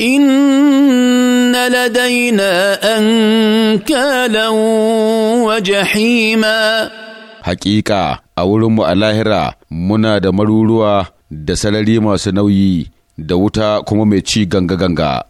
ان لدينا انكالا وجحيما Haƙiƙa a wurin mu a lahira muna da maruruwa da sarari masu nauyi da wuta kuma mai ci ganga-ganga.